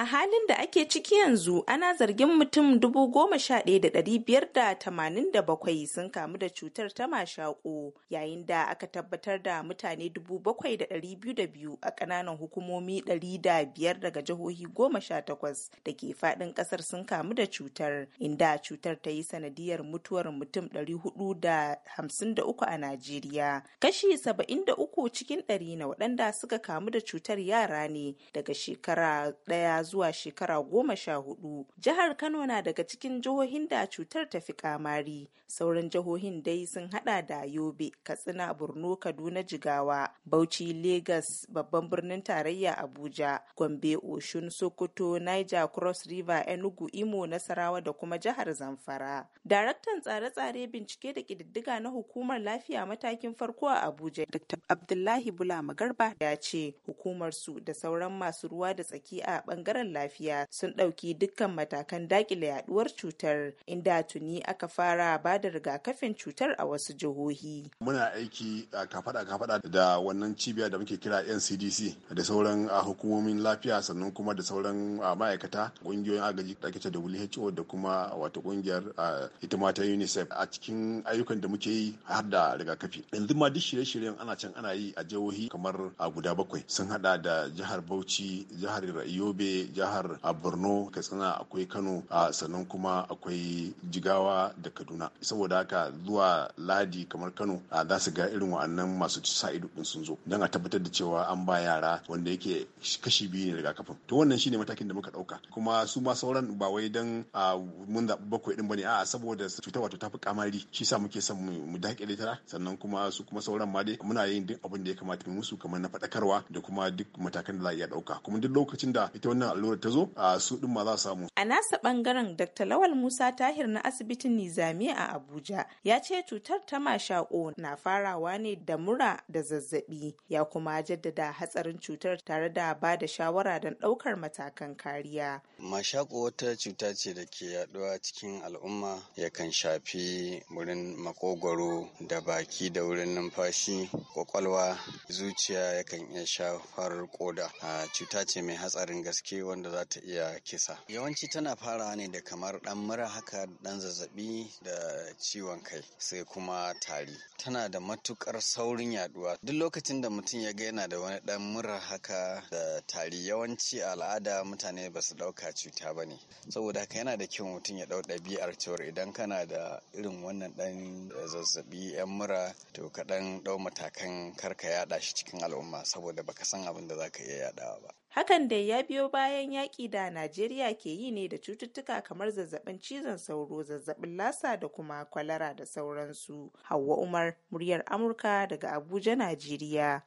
A halin da ake ciki yanzu ana zargin mutum dubu goma sha ɗaya da ɗari biyar da tamanin da bakwai sun kamu da cutar ta mashaƙo yayin da aka tabbatar da mutane dubu bakwai da ɗari biyu da biyu a ƙananan hukumomi ɗari da biyar daga jihohi goma sha takwas da ke faɗin ƙasar sun kamu da cutar inda cutar ta yi sanadiyar mutuwar mutum ɗari huɗu da hamsin da uku a Najeriya. Kashi saba'in da uku cikin ɗari na waɗanda suka kamu da cutar yara ne daga shekara ɗaya zuwa shekara goma sha hudu. Jihar Kano na daga cikin jihohin da cutar ta fi kamari. Sauran jihohin dai sun hada da Yobe, Katsina, Borno, Kaduna, Jigawa, Bauchi, Legas, babban birnin tarayya Abuja, Gombe, Oshun, Sokoto, Niger, Cross River, Enugu, Imo, Nasarawa da kuma jihar Zamfara. Daraktan tsare-tsare bincike da kididdiga na hukumar lafiya matakin farko a Abuja, Dr. Abdullahi Bula Magarba ya ce hukumar su da sauran masu ruwa da tsaki a bangaren bangaren lafiya sun ɗauki dukkan matakan dakile yaduwar cutar inda tuni aka fara ba da rigakafin cutar a wasu jihohi. Muna aiki a kafada kafada da wannan cibiya da muke kira NCDC da sauran ah, hukumomin lafiya sannan kuma da sauran ah, ma'aikata ƙungiyoyin agaji da ake WHO da kuma ah, wata ƙungiyar ita ma ta UNICEF a cikin ayyukan da muke yi har da rigakafi. Yanzu ma duk shirye-shiryen ana can ana yi a jihohi kamar a guda bakwai sun hada da jihar Bauchi, jihar Yobe, jihar a borno katsina akwai kano a sannan kuma akwai jigawa da kaduna saboda haka zuwa ladi kamar kano a za su ga irin wa'annan masu sa ido din sun zo don a tabbatar da cewa an ba yara wanda yake kashi biyu ne daga kafin to wannan shine matakin da muka dauka kuma su ma sauran ba wai dan mun zaɓi bakwai din bane a'a saboda cutar wato tafi kamari shi sa muke son mu dakile ta sannan kuma su kuma sauran ma dai muna yin duk abin da ya kamata mu musu kamar na faɗakarwa da kuma duk matakan da za a iya dauka kuma duk lokacin da ita wannan allura ta zo a su din ma za samu. A nasa bangaren Dr. Lawal Musa Tahir na asibitin Nizami a Abuja ya ce cutar ta mashako na farawa ne da mura da zazzabi ya kuma jaddada hatsarin cutar tare da ba da shawara don ɗaukar matakan kariya. Mashaƙo wata cuta ce da ke yaɗuwa cikin al'umma yakan shafi wurin makogwaro da baki da wurin numfashi, ƙwaƙwalwa, zuciya yakan iya shafar koda. A cuta ce mai hatsarin gaske wanda za ta iya kisa. Yawanci tana farawa ne da kamar ɗan mura haka ɗan zazzabi da ciwon kai sai kuma tari. Tana da matuƙar saurin yaɗuwa. Duk lokacin da mutum ya ga yana da wani ɗan mura haka da tari yawanci al'ada mutane ba su ɗauka cuta ba ne saboda haka yana da kyau mutum ya ɗau ɗabi'ar cewar idan kana da irin wannan ɗan zazzabi yan mura to ka ɗan ɗau matakan karka yaɗa shi cikin al'umma saboda baka san abin da zaka iya yaɗawa ba hakan dai ya biyo bayan yaƙi da najeriya ke yi ne da cututtuka kamar zazzabin cizon sauro zazzabin lasa da kuma kwalara da sauransu hawa umar muryar amurka daga abuja najeriya